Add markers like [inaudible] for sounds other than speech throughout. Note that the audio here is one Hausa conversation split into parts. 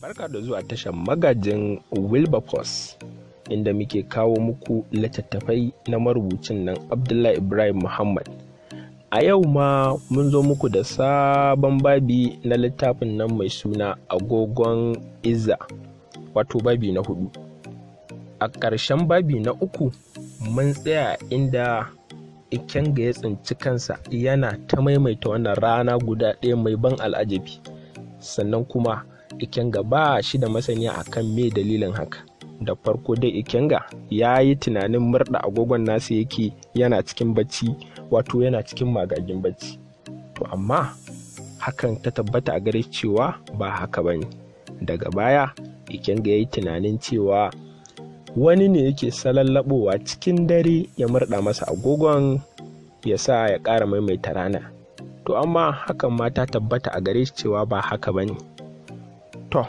Barka da zuwa tashar magajin Wilberforce inda muke kawo muku littattafai na marubucin nan Abdullahi Ibrahim Muhammad. A yau ma mun zo muku da sabon babi na littafin nan mai suna agogon iza wato babi na hudu. A ƙarshen babi na uku mun tsaya inda Ikenga ya tsinci kansa yana ta maimaita wannan rana guda ɗaya mai ban al'ajabi sannan kuma ikenga ba shi da masaniya akan me dalilin haka da farko dai ikenga ya yi tunanin murda agogon nasa yake yana cikin bacci wato yana cikin magagin bacci to amma hakan ta tabbata a gare cewa ba haka bane daga baya ikenga ya yi tunanin cewa wani ne yake salallabowa cikin dare ya murda masa agogon ya sa ya ƙara maimaita rana to amma hakan ma ta tabbata a gare cewa ba haka bane to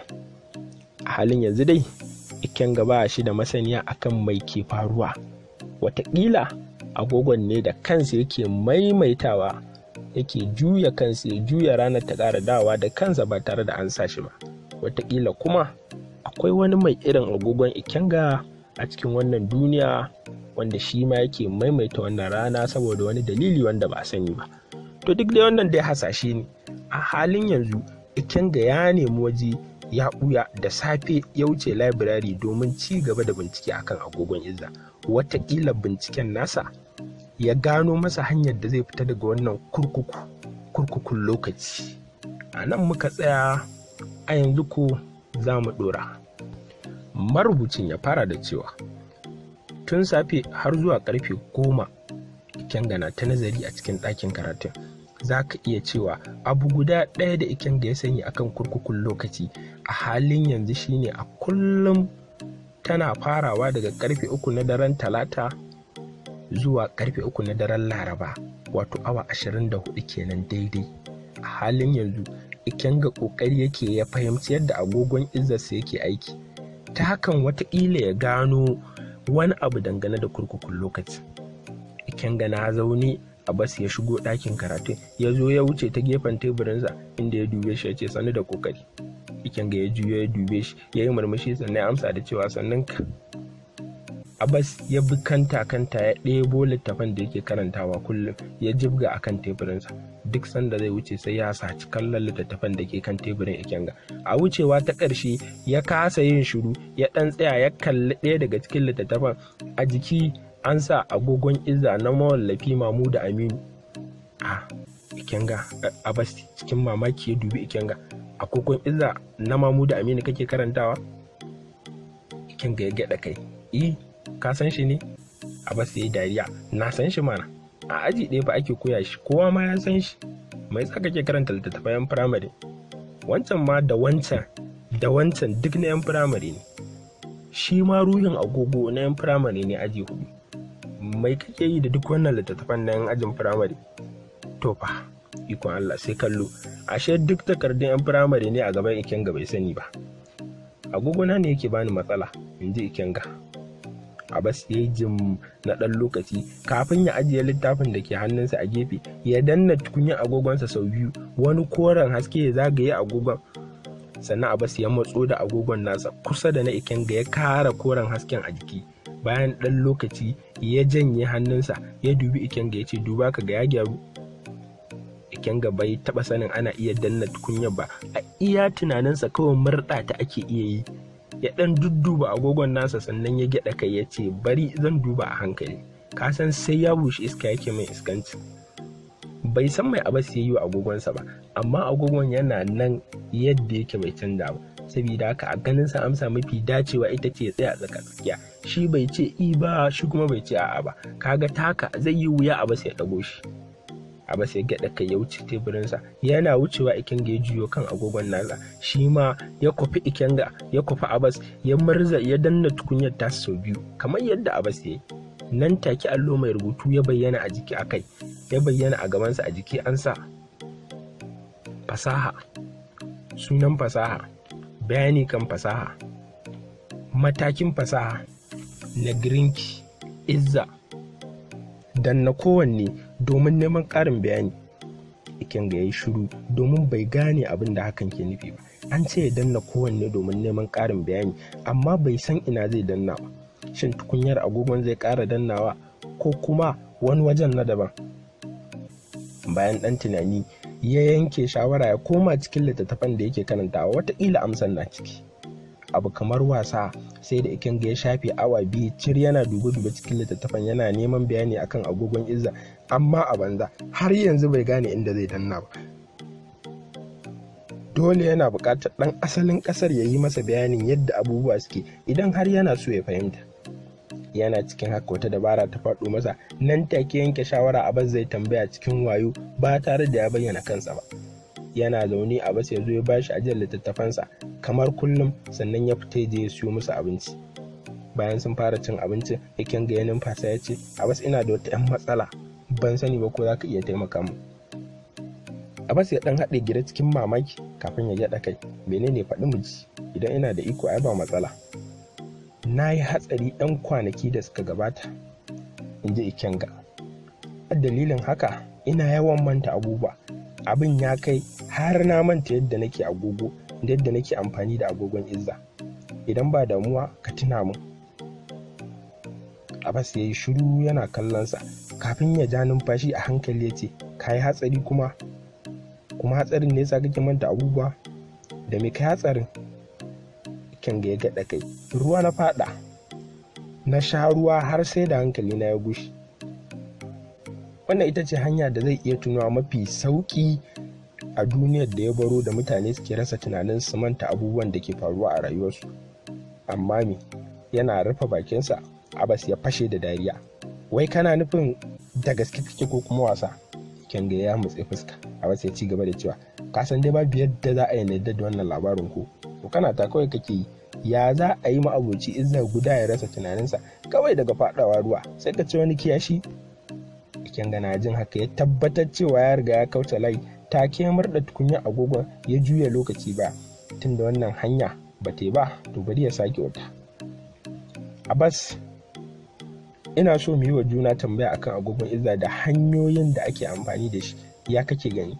a halin yanzu dai iken gaba shi da masaniya akan mai ke faruwa watakila agogon ne da kansa yake maimaitawa yake juya kansa ya juya ranar ta ƙara dawa da kansa ba tare da an sa shi ba watakila kuma akwai wani mai irin agogon ikenga a cikin wannan duniya wanda shi ma yake maimaita wannan rana saboda wani dalili wanda ba a sani ba to duk dai wannan dai hasashe ne a halin yanzu ikenga ya nemi waje ya ɓuya da safe ya wuce labirari domin ci gaba da bincike akan agogon izza watakila binciken nasa ya gano masa hanyar da zai fita daga wannan kurkuku kurkukun lokaci a nan muka tsaya a yanzu ko za mu ɗora marubucin ya fara da cewa tun safe har zuwa karfe goma ikengana ta nazari a cikin ɗakin karatun za ka iya cewa abu guda ɗaya da ikenga ya sanya akan kurkukun lokaci a halin yanzu shine a kullum tana farawa daga karfe uku na daren talata zuwa karfe uku na daren laraba wato awa ashirin da hudu kenan daidai a halin yanzu ikenga kokari yake ya fahimci yadda agogon izzarsa yake aiki ta hakan wataƙila ya gano wani abu dangane da kurkukun lokaci ikenga na zaune a bas ya shigo ɗakin karatu ya zo ya wuce ta gefen teburinsa inda ya dube shi ya ce sanu da kokari ikin ga ya juyo ya dube shi ya yi murmushi sannan amsa da cewa sannan ka abbas ya bi kanta kanta ya ɗebo littafan da yake karantawa kullum ya jibga a kan teburinsa duk sanda zai wuce sai ya saci kallon littattafan da ke kan teburin ikenga a wucewa ta ƙarshe ya kasa yin shiru ya ɗan tsaya ya kalli ɗaya daga cikin littattafan a jiki an sa agogon iza na mawallafi mamu da aminu a ah, ikenga abasti cikin mamaki ya dubi ikenga a kokon illa na mamu da aminu kake karantawa kin ga ya kai eh ka san shi ne a ba sai dariya na san shi mana a aji ɗaya ba ake koya shi kowa ma ya san shi mai tsaka kake karanta littattafai yan firamare wancan ma da wancan da wancan duk na yan firamare ne shi ma ruhin agogo na yan firamare ne aji hudu mai kake yi da duk wannan littattafan na yan ajin firamare to fa ikon Allah sai kallo ashe duk takardun 'yan firamare ne a gaban ikenga bai sani ba agogona ne yake bani matsala in ji ikenga abbas ya yi na ɗan lokaci kafin ya ajiye littafin da ke hannunsa a gefe ya danna tukunyar agogonsa sau biyu wani koren haske ya zagaye agogon sannan abbas ya matso da agogon nasa kusa da na ikenga ya kara koren hasken a jiki bayan ɗan lokaci ya janye hannunsa ya dubi ikenga ya ce duba ka ga ya gyaru binciken gaba ya taɓa sanin ana iya danna tukunya ba a iya tunaninsa kawai murɗa ta ake iya yi ya ɗan dudduba agogon nasa sannan ya gyaɗa kai ya ce bari zan duba a hankali ka san sai ya bushe iska yake mai iskanci bai san mai abas ya yi wa agogonsa ba amma agogon yana nan yadda yake bai canza ba saboda haka a ganin sa amsa mafi dacewa ita ce tsaya tsakatsakiya shi bai ce i ba shi kuma bai ce a'a ba kaga taka zai yi wuya abas ya dago shi Abbas ya gyaɗa kai ya wuce teburinsa yana wucewa Ikenga ya juyo kan agogon nasa shi ma ya kwafi ga ya kufi abas ya marza ya danna tukunyar ta sau biyu kamar yadda abas ya yi nan take allo mai rubutu ya bayyana a jiki a kai ya bayyana a gabansa a jiki an sa fasaha sunan fasaha bayani kan fasaha matakin fasaha na grinki izza dan na kowanne domin neman ƙarin bayani ikin ga ya yi shiru domin bai gane abin da hakan ke nufi ba an ce ya danna kowanne domin neman ƙarin bayani amma bai san ina zai danna ba shin tukunyar agogon zai ƙara dannawa ko kuma wani wajen na daban bayan ɗan tunani ya yanke shawara ya koma cikin littattafan da yake karantawa wataƙila amsan na ciki abu kamar wasa sai da Ikin ga ya shafe awa biyu cir yana dube-dube cikin littattafan yana neman bayani akan agogon izza amma a banza har yanzu bai gane inda zai danna ba dole yana buƙatar ɗan asalin ƙasar ya yi masa bayanin yadda abubuwa suke idan har yana so ya fahimta yana cikin haka wata dabara ta faɗo masa nan take yanke shawara abin zai tambaya cikin wayo ba tare da ya bayyana kansa ba yana zaune a basu ya zo ya bashi ajiyar littattafansa kamar kullum sannan ya fita je ya siyo musu abinci bayan sun fara cin abinci ya kyanga ya numfasa ya ce abas ina da wata 'yan matsala ban sani ba ko za ka iya taimaka mu abas ya dan haɗe gida cikin mamaki kafin ya gyaɗa kai menene faɗi mu ji idan ina da iko ai ba matsala na yi hatsari 'yan kwanaki da suka gabata in ji ikenga dalilin haka ina yawan manta abubuwa abin ya kai har na manta yadda nake agogo da yadda nake amfani da agogon izza idan ba damuwa ka tuna min abbas ya yi shiru yana kallonsa kafin ya ja numfashi a hankali ya ce ka yi hatsari kuma kuma hatsarin ne yasa kake manta abubuwa da me kai hatsarin kin ga ya gaɗa kai ruwa na faɗa na sha ruwa har sai da hankali na ya gushi wannan ita ce hanya da zai iya tunawa mafi sauƙi a duniyar da ya baro da mutane suke rasa tunanin su manta abubuwan da ke faruwa a rayuwarsu amma me yana rufe bakinsa abas ya fashe da dariya wai kana nufin da gaske kake ko kuma wasa kenge ya mutse fuska abas ya ci gaba da cewa ka san dai babu yadda za a yi yadda da wannan labarin ko ko kana ta kawai kake yi ya za a yi ma'abuci izza guda ya rasa tunaninsa kawai daga fadawa ruwa sai ka ce wani kiyashi kenge na jin haka ya tabbatar cewa ya riga ya kauce layi take ya murɗa tukunya agogon ya juya lokaci ba tunda wannan hanya ba ta ba to bari ya sake wata abbas ina so mu yi wa juna tambaya akan agogon izza da hanyoyin da ake amfani da shi ya kake gani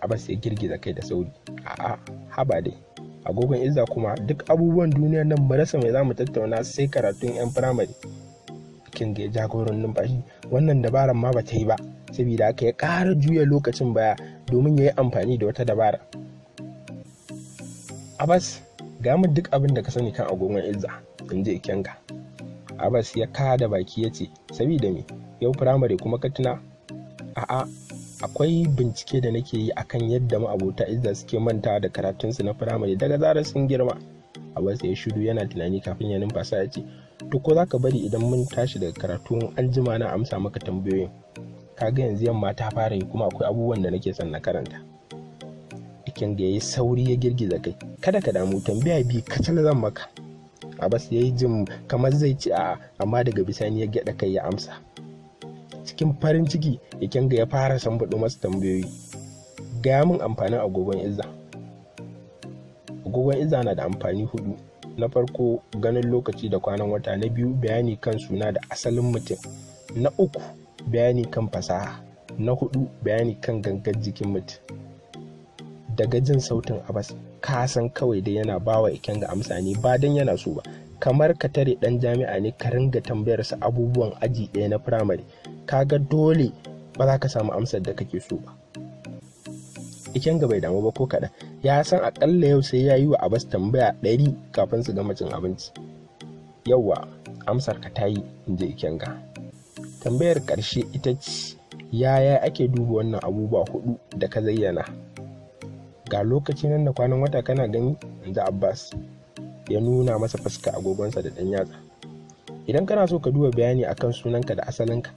abbas ya girgiza kai da sauri a'a haba dai agogon izza kuma duk abubuwan duniyar nan mu rasa mai za mu tattauna sai karatun yan firamare kin ga jagoran numfashi wannan dabaran ma ba ta yi ba saboda haka ya ƙara juya lokacin baya domin ya yi amfani da wata dabara abas ga mu duk abin da ka sani kan agogon izza in je kyanka abas ya da baki ya ce saboda me yau firamare kuma ka tuna a'a akwai bincike da nake yi akan yadda ma'abota izza suke mantawa da karatunsu na firamare daga zarar sun girma abbas ya shiru yana tunani kafin ya numfasa ya ce to ko za ka bari idan mun tashi daga karatun an jima na amsa maka tambayoyin kaga yanzu yamma ta fara yi kuma akwai abubuwan da nake son na karanta ikin ga yayi sauri ya girgiza kai kada ka damu tambaya bi kacal zan maka A bas yayi jin kamar zai ci a amma daga bisani ya gyada kai ya amsa cikin farin ciki ikin ga ya fara sambaɗo masa tambayoyi gaya min amfanin agogon izza agogon izza na da amfani hudu na farko ganin lokaci da kwanan wata na biyu bayani kan suna da asalin mutum na uku bayani kan fasaha na hudu bayani kan gangan jikin mutum daga jin sautin abas ka san kawai dai yana bawa iken ga amsa ne ba dan yana so ba kamar ka tare dan jami'a ne ka ringa tambayarsa abubuwan aji ɗaya na firamare ka ga dole ba za ka samu amsar da kake so ba iken ga bai damu ba ko kaɗan ya san akalla yau sai ya yi wa abas tambaya ɗari kafin su gama cin abinci yauwa amsar ka ta yi in je ikenga tambayar ƙarshe ita ce yaya ake duba wannan abubuwa hudu da ka zayyana ga lokaci nan da kwanan wata kana gani da abbas ya nuna masa fuska agogonsa da ɗan yatsa idan kana so ka duba bayani akan sunanka da asalinka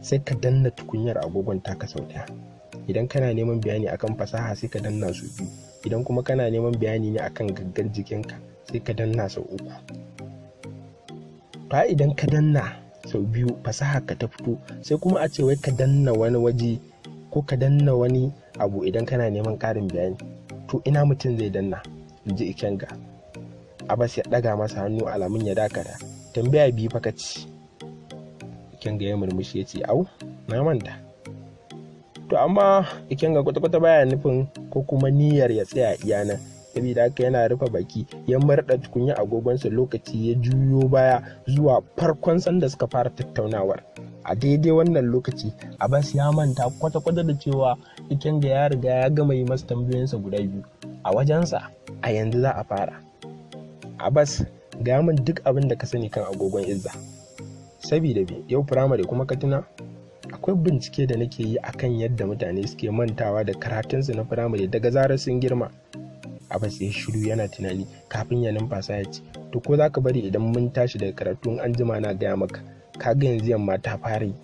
sai ka danna tukunyar agogon taka sau ɗaya idan kana neman bayani akan fasaha sai ka danna su biyu idan kuma kana neman bayani ne akan gaggar jikinka sai ka danna sau uku ta idan ka danna sau biyu fasaha ka ta fito sai kuma a ce wai ka danna wani waje ko ka danna wani abu idan kana neman karin bayani to ina mutum zai danna in ji ikenga abbas ya ɗaga masa hannu alamun ya dakata tambaya biyu fa ka ci ikenga ya murmushi ya ce au na manta to amma ikenga kwata-kwata baya nufin ko kuma niyyar ya tsaya iyana Sabida haka yana rufe baki ya murda tukunya agogonsa lokaci ya juyo baya zuwa farkon sanda suka fara tattaunawar a daidai wannan lokaci abbas ya manta kwata-kwata da cewa ga ya riga ya gama yi masa tambayoyinsa guda biyu a wajensa a yanzu za a fara abbas ga min duk abin da ka sani kan agogon izza sabida bi yau firamare kuma ka akwai bincike da nake yi akan yadda mutane suke mantawa da karatunsu na firamare daga zarar sun girma abin ya shiru yana tunani kafin ya numfasa ya ce to ko za ka bari idan mun tashi daga karatu an jima na gaya maka kaga yanzu yamma ta fara yi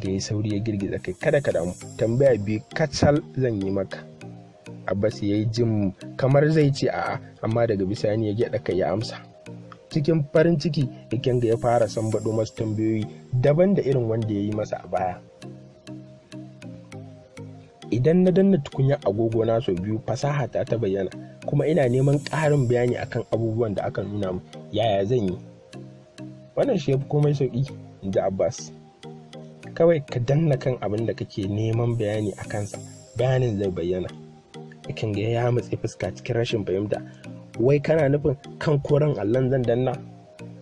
ga yi sauri ya girgiza kai kada ka damu tambaya biyu kacal zan yi maka abbas ya yi jin kamar zai ce a'a amma daga bisani ya gyaɗa kai ya amsa cikin farin ciki ikenga ya fara sambaɗo masu tambayoyi daban da irin wanda ya yi masa a baya idan na danna tukunya agogo na sau biyu fasaha ta ta bayyana kuma ina neman ƙarin bayani akan abubuwan da aka nuna mu yaya zan yi wannan shi ya fi komai sauƙi da abbas kawai ka danna kan abin da kake neman bayani a kansa bayanin zai bayyana ikin ga ya matsi fuska cikin rashin fahimta wai kana nufin kan koren allon zan danna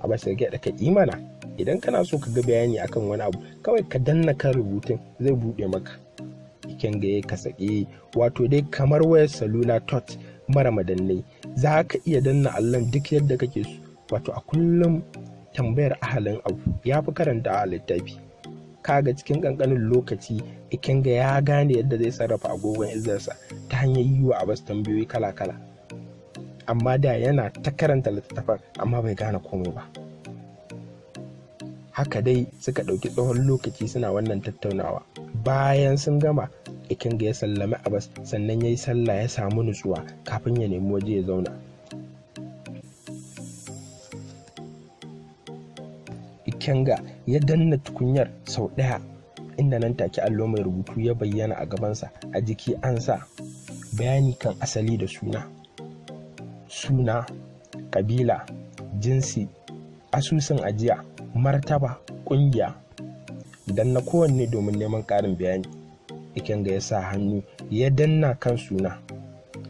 abbas ya gyaɗa ka imana idan kana so ka ga bayani akan wani abu kawai ka danna kan rubutun zai buɗe maka ga ka saki wato dai kamar wayar salula tot mara madannai za ka iya danna allon duk yadda kake su wato a kullum tambayar ahalin abu ya fi karanta a littafi kaga cikin kankanin lokaci ikin ga ya gane yadda zai sarrafa agogon izarsa ta hanyar yi wa abas tambayoyi kala-kala amma da yana ta karanta littattafan amma bai gane komai ba haka dai suka ɗauki tsohon lokaci suna wannan tattaunawa bayan sun gama ga ya sallami abbas sannan ya yi sallah ya samu nutsuwa kafin ya nemi waje ya zauna ikenga ya danna tukunyar sau ɗaya inda nan take allo mai rubutu ya bayyana a gabansa a jiki an sa bayani kan asali da suna suna kabila jinsi asusun ajiya martaba ƙungiya danna na kowanne domin neman ƙarin bayani iken ga ya sa hannu ya danna kan suna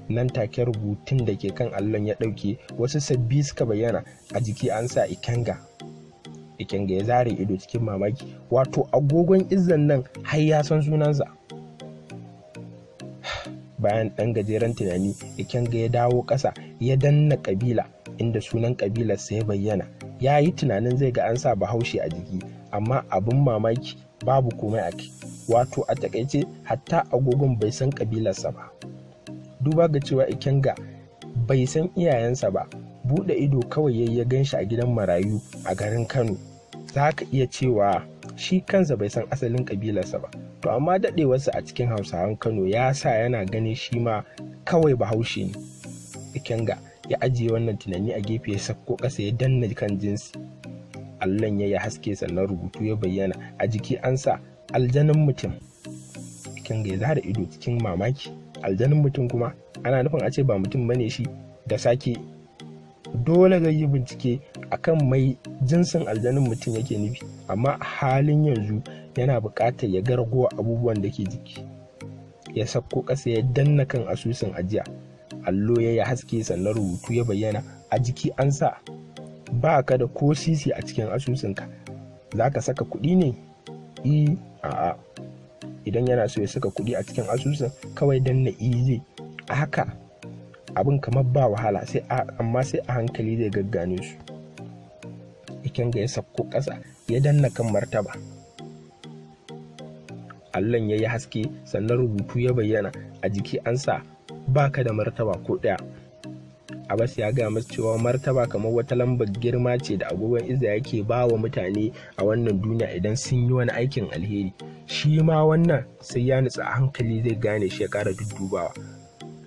nan take rubutun da ke kan allon ya ɗauke wasu sabbi suka bayyana a jiki an sa ikenga ikenga ya zare ido cikin mamaki wato agogon izan nan har ya san sunansa bayan ɗan gajeren tunani ikenga ya dawo ƙasa ya danna ƙabila inda sunan ƙabilarsa ya bayyana ya yi tunanin zai ga an sa bahaushe a jiki amma abin mamaki babu komai a kai wato a takaice hatta agogon bai san kabilarsa ba duba ga cewa ikenga bai san iyayensa ba buɗe ido kawai ya gan shi a gidan marayu a garin kano za ka iya cewa shi kansa bai san asalin kabilarsa ba to amma daɗewarsa a cikin hausawan kano ya sa yana ganin shi ma kawai bahaushe ne ikenga ya ajiye wannan tunani a gefe ya sako ƙasa ya danna kan jinsi allon ya yi haske sannan rubutu ya bayyana a jiki an sa aljanin mutum cikin ga da ido cikin mamaki aljanin mutum kuma ana nufin a ce ba mutum bane shi da sake dole zai yi bincike akan mai jinsin aljanin mutum yake nufi amma halin yanzu yana buƙatar ya gargo abubuwan da ke jiki ya sako ƙasa ya danna kan asusun ajiya allo ya yi haske sannan rubutu ya bayyana a jiki an sa ba ka da ko sisi a cikin asusunka za ka saka kuɗi ne i e, a'a idan yana so ya saka kuɗi a cikin asusun kawai danna i e zai haka abin kamar ba wahala sai amma sai a hankali zai gaggane su ikin ga ya sakko ƙasa ya danna kan martaba allon ya yi haske sannan rubutu ya bayyana a jiki an sa ba ka da martaba ko ɗaya abbas ya gaya masu cewa martaba kamar wata lambar girma ce da agogon izza yake ba wa mutane a wannan duniya idan sun yi wani aikin alheri shi ma wannan sai ya nutsa a hankali zai gane shi ya kara duddubawa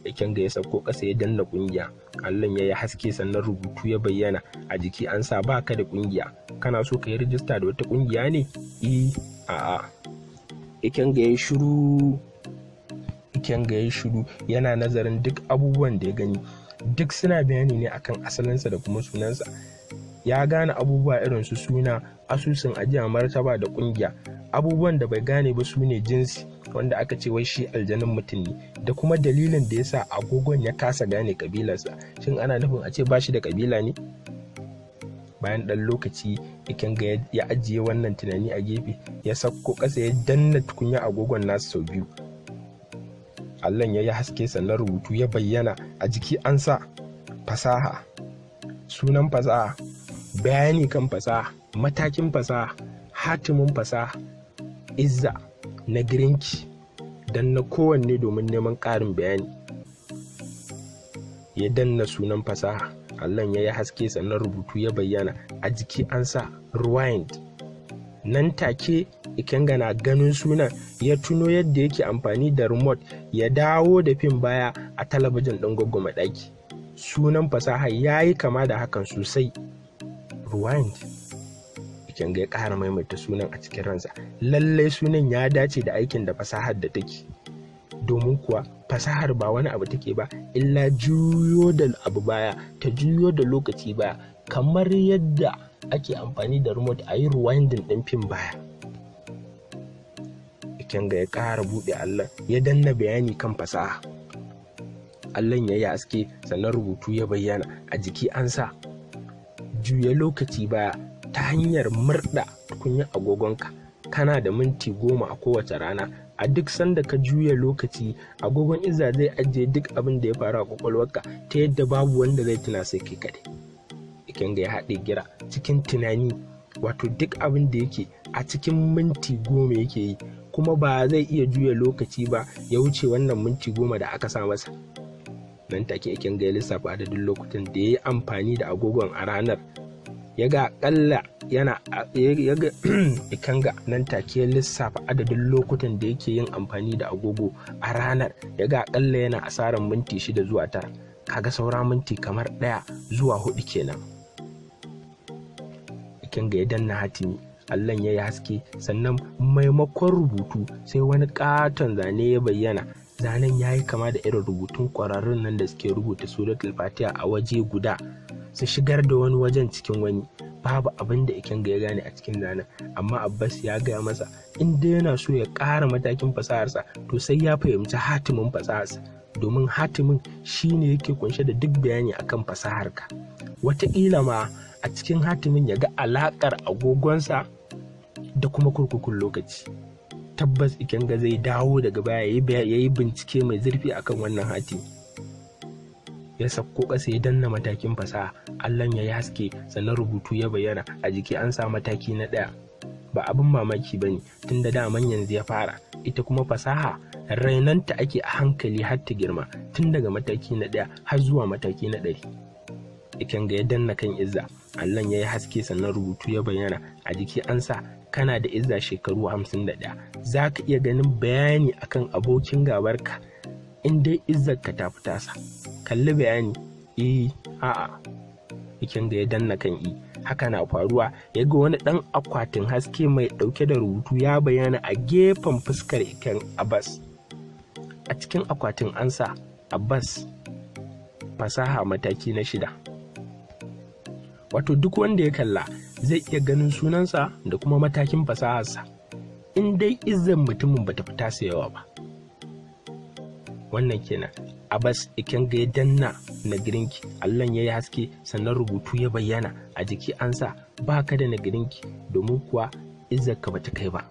aikin ga ya sauko ƙasa ya danna ƙungiya allon ya yi haske sannan rubutu ya bayyana a jiki an sa ba ka da ƙungiya kana so ka yi rijista da wata ƙungiya ne E, a a ikin ya shuru shiru yana nazarin duk abubuwan da ya gani duk suna bayani ne akan asalinsa da kuma sunansa ya gane abubuwa irin su suna asusun ajiya martaba da kungiya abubuwan da bai gane ba su ne jinsi wanda aka ce wai shi aljanin mutum ne da kuma dalilin da ya sa agogon ya kasa gane kabilarsa shin ana nufin a ce ba shi da kabila ne bayan ɗan lokaci ikin ga ya ajiye wannan tunani a gefe ya sauko ƙasa ya danna tukunya agogon nasu sau biyu allon ya yi haske sannan rubutu ya bayyana a jiki an sa fasaha sunan fasaha bayani kan fasaha matakin fasaha hatimin fasaha izza na girinki don na kowanne domin neman ƙarin bayani ya danna sunan fasaha allon ya yi haske sannan rubutu ya bayyana a jiki an sa rewind nan take ikenga na ganin sunan ya tuno yadda yake amfani da remote ya dawo da fim baya a talabijin ɗin gwaggwama ɗaki sunan fasaha ya yi kama da hakan sosai rewind ikenga ya ƙara maimaita sunan a cikin ransa lallai sunan ya dace da aikin da fasahar da take domin kuwa fasahar ba wani abu take ba illa juyo da abu baya ta juyo da lokaci baya kamar yadda ake amfani da remote a yi rewinding ɗin fim baya Kyanga ya ƙara buɗe Allah ya danna bayani kan fasaha Allah ya yi aske sannan rubutu ya bayyana a jiki an sa juya lokaci baya ta hanyar murɗa tukunyar agogonka kana da minti goma a kowace rana a duk sanda ka juya lokaci agogon iza zai ajiye duk abin da ya faru a kwakwalwarka ta yadda babu wanda zai tuna sai kai kaɗai ikin ga ya haɗe gira cikin tunani wato duk abin da yake a cikin minti goma yake yi kuma ba zai iya juya lokaci ba ya wuce wannan minti goma da aka sa masa nan take yakin ga lissafa adadin lokutan da ya yi amfani da agogon a ranar ya ga akalla yana ya ga [clears throat] ga nan take lissafa adadin lokutan da yake yin amfani da agogo a ranar ya ga akalla yana asarar minti shida zuwa ta kaga saura minti kamar ɗaya zuwa hudu kenan ikan ga ya danna hatimi allon ya yi haske sannan maimakon rubutu sai wani katon zane ya bayyana zanen ya yi kama da irin rubutun ƙwararrun nan da suke rubuta suratul fatiha a waje guda su shigar da wani wajen cikin wani babu abin da ikin ga ya gane a cikin zanen amma abbas ya gaya masa in dai yana so ya ƙara matakin fasaharsa to sai ya fahimci hatimin fasaharsa domin hatimin shine yake kunshe da duk bayani akan fasaharka wataƙila ma a cikin hatimin ya ga alaƙar agogonsa da kuma kurkukun lokaci tabbas ikenga zai dawo daga baya ya yi bincike mai zurfi akan wannan hati ya sabko ƙasa ya danna matakin fasaha allon ya yi haske sannan rubutu ya bayyana a jiki an sa mataki na ɗaya ba abin mamaki ba ne tun da daman yanzu ya fara ita kuma fasaha rainanta ake a hankali har ta girma tun daga mataki na ɗaya har zuwa mataki na ɗari ikenga ya danna kan izza allon ya yi haske sannan rubutu ya bayyana a jiki an sa kana da izza shekaru 51 za ka iya ganin bayani akan abokin gabarka in dai ka ta fita tasa kalli bayani e a'a ikin da ya danna kan i haka na faruwa ya ga wani ɗan akwatin haske mai ɗauke da rubutu ya bayyana a gefen fuskar ikan abbas a cikin akwatin ansa abbas fasaha mataki na shida wato duk wanda ya kalla zai iya ganin sunansa da kuma matakin fasaharsa in dai izzan mutumin bata fita yawa ba wannan kenan abbas ikenga ya danna na girinki allon ya yi haske sannan rubutu ya bayyana a jiki an sa ba ka da na girinki domin kuwa ka bata kai ba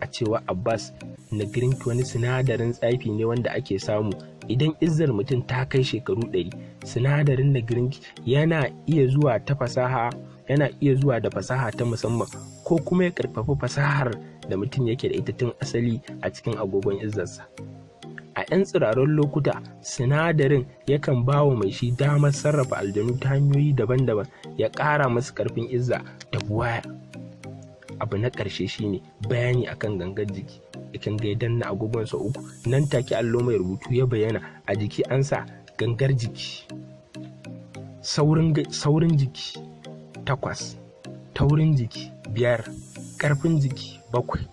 a cewa abbas na girinki wani sinadarin tsafi ne wanda ake samu idan izar mutum ta kai shekaru ɗari sinadarin na girinki yana iya zuwa ta fasaha yana iya zuwa da fasaha ta musamman ko kuma ya karfafi fasahar da mutum yake da ita tun asali a cikin agogon izzarsa a 'yan tsiraron lokuta sinadarin yakan ba wa mai shi damar sarrafa aljanu ta hanyoyi daban-daban ya ƙara masu karfin izza da buwaya abu na ƙarshe shine bayani akan gangar jiki ikin gaidan na agogonsa uku nan take allo mai rubutu ya bayyana a jiki ansa gangar jiki saurin jiki takwas taurin jiki biyar ƙarfin jiki bakwai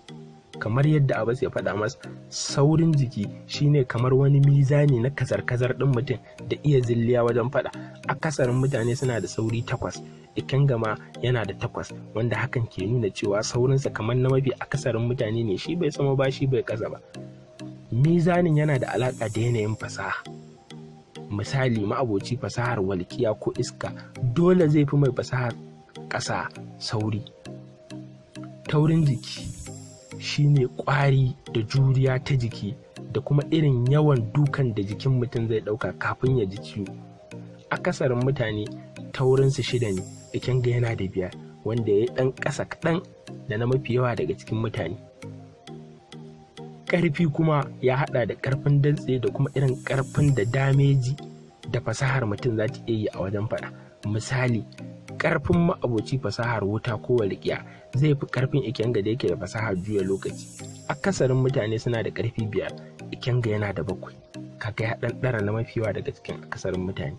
kamar yadda abbas ya faɗa masa saurin jiki shine kamar wani mizani na kazar-kazar ɗin mutum da iya zilliya wajen faɗa akasarin mutane suna da sauri takwas ikin gama yana da takwas wanda hakan ke nuna cewa saurinsa kamar na mafi akasarin mutane ne shi bai sama ba shi bai ƙasa ba mizanin yana da alaƙa da yanayin fasaha misali ma'aboci fasahar walkiya ko iska dole zai fi mai fasahar ƙasa sauri taurin jiki shine ƙwari da juriya ta jiki da kuma irin yawan dukan da jikin mutum zai ɗauka kafin ya ji ciwo akasarin mutane taurinsu shida ne ikin ga yana da biyar wanda ya yi ɗan ƙasa kaɗan da na mafi yawa daga cikin mutane ƙarfi kuma ya haɗa da ƙarfin dantse da kuma irin ƙarfin da dameji da fasahar mutum za ta iya yi a wajen faɗa misali ƙarfin ma'aboci fasahar wuta ko walƙiya zai fi ƙarfin ikenga da yake da fasahar juya lokaci akasarin mutane suna da ƙarfi biyar ikenga yana da bakwai kaga ya ɗan ɗara na mafiwa daga cikin akasarin mutane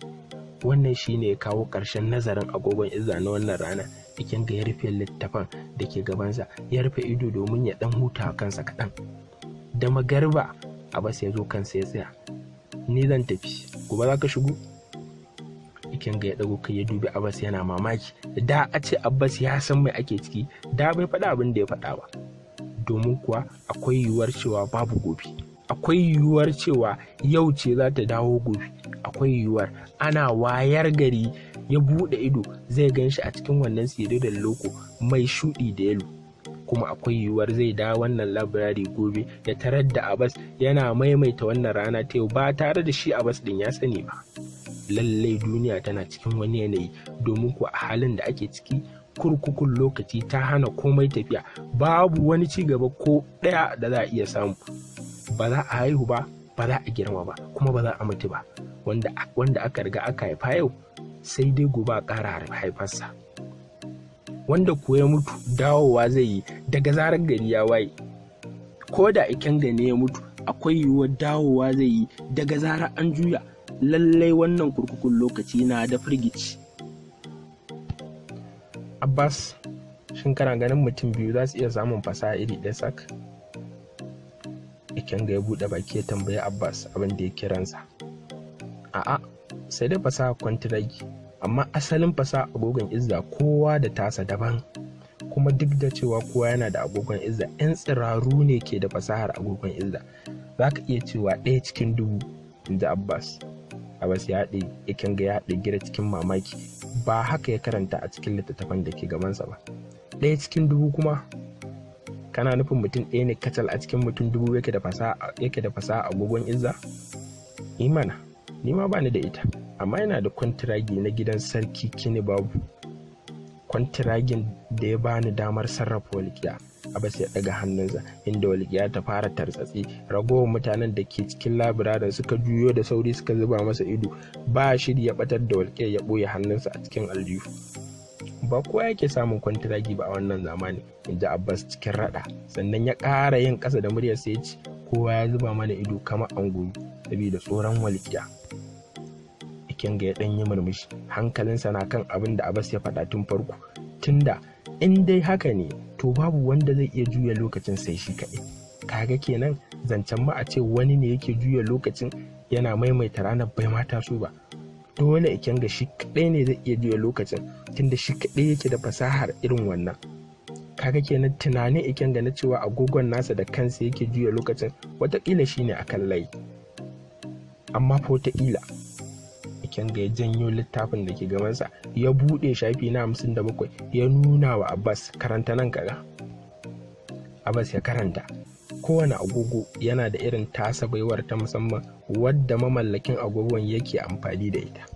wannan shine ya kawo ƙarshen nazarin agogon izza na wannan rana ikenga ya rufe littafan da ke gabansa ya rufe ido domin ya ɗan huta kansa kaɗan da magarba bas ya zo kansa ya tsaya ni zan tafi gobe za ka shigo ikin ga ya dago kai ya dubi abbas yana mamaki da a ce abbas ya san mai ake ciki da bai faɗa abin da ya faɗa ba domin kuwa akwai yiwuwar cewa babu gobe akwai yiwuwar cewa yau ce za ta dawo gobe akwai yiwuwar ana wayar gari ya buɗe ido zai ganshi a cikin wannan tsire da loko mai shuɗi da yalo kuma akwai yiwuwar zai da wannan labirari gobe ya tarar da abas yana maimaita wannan rana ta yau ba tare da shi abas din ya sani ba lallai duniya tana cikin wani yanayi domin ku a halin da ake ciki kurkukun lokaci ta hana komai tafiya babu wani ci gaba ko ɗaya da za a iya samu ba za a haihu ba ba za a girma ba kuma ba za a mutu ba wanda aka riga aka haifa yau sai dai gobe a ƙara haifarsa wanda ko ya mutu dawowa zai yi daga zarar gari ya waye ko da ikenga ne ya mutu akwai yiwuwar dawowa zai yi daga zarar an juya lallai wannan kurkukun lokaci na da firgici abbas shin kana ganin mutum biyu za su iya samun fasaha iri ɗaya sak ikenga ya buɗe baki ya tambayi abbas abin da ya kiransa a'a sai dai fasaha kwantiragi amma asalin fasa agogon izza kowa da tasa daban kuma duk da cewa kowa yana da agogon izza 'yan tsiraru ne ke da fasahar agogon izza za ka iya cewa ɗaya cikin dubu inda abbas abbas ya haɗe ikin ga ya haɗe gida cikin mamaki ba haka ya karanta a cikin littattafan da ke gabansa ba ɗaya cikin dubu kuma kana nufin mutum ɗaya ne kacal a cikin mutum dubu yake da fasaha agogon izza imana ni ma bani da ita amma yana da kwantiragi na gidan sarki kini babu kwantiragin da ya bani damar sarrafa walƙiya abu sai ɗaga hannunsa inda walƙiya ta fara tartsatsi ragowar mutanen da ke cikin labirarin suka juyo da sauri suka zuba masa ido ba shiri ya batar da walƙiya ya ɓoye hannunsa a cikin aljihu ba kowa yake samun kwantiragi ba a wannan zamani in ji abbas cikin raɗa sannan ya ƙara yin ƙasa da muryar sai ce kowa ya zuba mana ido kamar angulu sabida tsoron walƙiya ga ya ɗan yi murmushi hankalinsa na kan abin da Abbas ya faɗa tun farko tunda in dai haka ne to babu wanda zai iya juya lokacin sai shi kaɗai kaga kenan zancen ma a ce wani ne yake juya lokacin yana maimaita ranar bai mata su ba dole Ikenga shi kaɗai ne zai iya juya lokacin tunda shi kaɗai yake da fasahar irin wannan kaga kenan tunanin ikanga na cewa agogon nasa da kansa yake juya lokacin watakila shine kan layi amma fa wataƙila Kyanga ya janyo littafin da ke gabansa ya buɗe shafi na hamsin da bakwai ya nuna wa Abbas karanta nan kaga. Abbas ya karanta. Kowane agogo yana da irin tasa baiwar ta musamman wadda mamallakin agogon yake amfani da ita.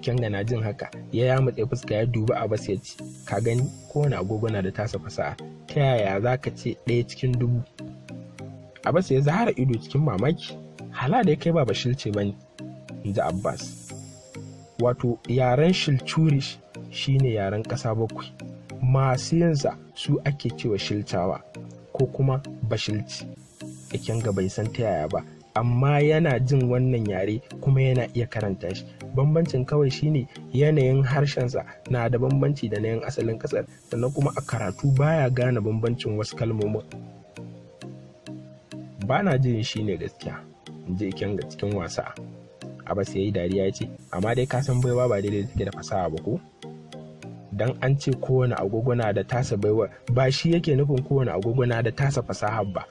Kyanga na jin haka ya yamutse fuska ya dubi Abbas ya ce, Ka gani kowane agogo na da tasa fasaha, ta yaya za ka ce ɗaya cikin dubu? Abbas ya zahara ido cikin mamaki, hala da ya kai ba bashilce ce bane inji abbas wato yaren shilcurish shine yaren ƙasa bakwai masu yinsa su ake cewa shilcawa ko kuma bashilci ga bai san ta yaya ba amma yana jin wannan yare kuma yana iya karanta shi bambancin kawai shine yanayin harshensa na da bambanci da na yin asalin kasar sannan kuma a karatu baya gane bambancin wasu kalmomin ba na jin shi ne gaskiya in ji ga cikin wasa Abbas ya yi dariya ya ce, amma dai ka san baiwa ba daidai take da fasaha ba ko? Dan an ce kowane agogo na da tasa baiwa ba shi yake nufin kowane agogo na da tasa fasaha ba.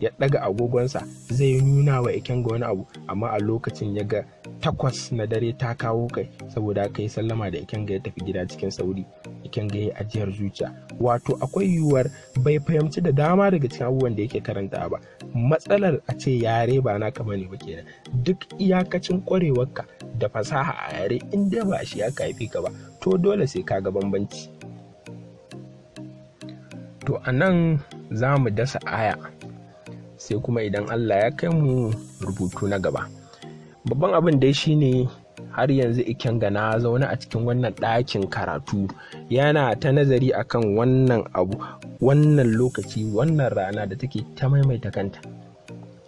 Ya ɗaga agogonsa zai nuna wa Ikenga wani abu amma a lokacin ya ga takwas na dare ta kawo kai saboda aka yi sallama da ga ya tafi gida cikin sauri. ga ya ajiyar zuciya. Wato akwai yiwuwar bai fahimci da dama daga cikin abubuwan da yake karanta ba matsalar a ce yare ba naka ne ba kenan duk iyakacin kwarewarka da fasaha a yare inda ba shi ya haifi ka ba to dole sai ka ga bambanci to a nan za mu dasa aya sai kuma idan allah ya kai mu rubutu na gaba babban abin dai shine har yanzu ikenga na zaune a cikin wannan ɗakin karatu yana ta nazari akan wannan abu wannan lokaci wannan rana da take ta maimaita kanta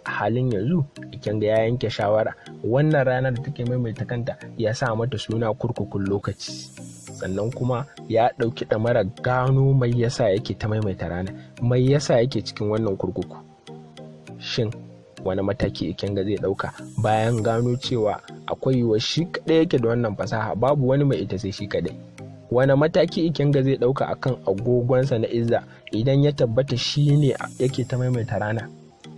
a halin yanzu ikenga ya yanke shawara wannan rana da take maimaita kanta ya sa mata suna kurkukun lokaci sannan kuma ya ɗauki mara gano mai yasa yake ta maimaita rana mai yasa yake cikin wannan kurkuku shin wani mataki ikenga zai ɗauka bayan gano cewa akwai yiwa shi kadai yake da wannan fasaha babu wani mai ita sai shi kadai. wani mataki ikenga zai ɗauka akan agogonsa na izza idan ya tabbata shi ne yake ta maimaita rana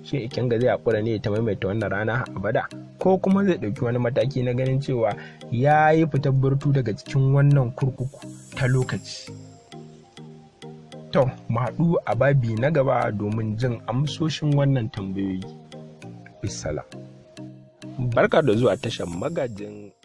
shi ikenga zai haƙura ne ta maimaita wannan rana a bada? ko kuma zai ɗauki wani mataki na ganin cewa ya yi fitar burtu daga cikin wannan kurkuku ta lokaci to mu haɗu a babi na gaba domin jin amsoshin wannan tambayoyi barka da zuwa tashar magajin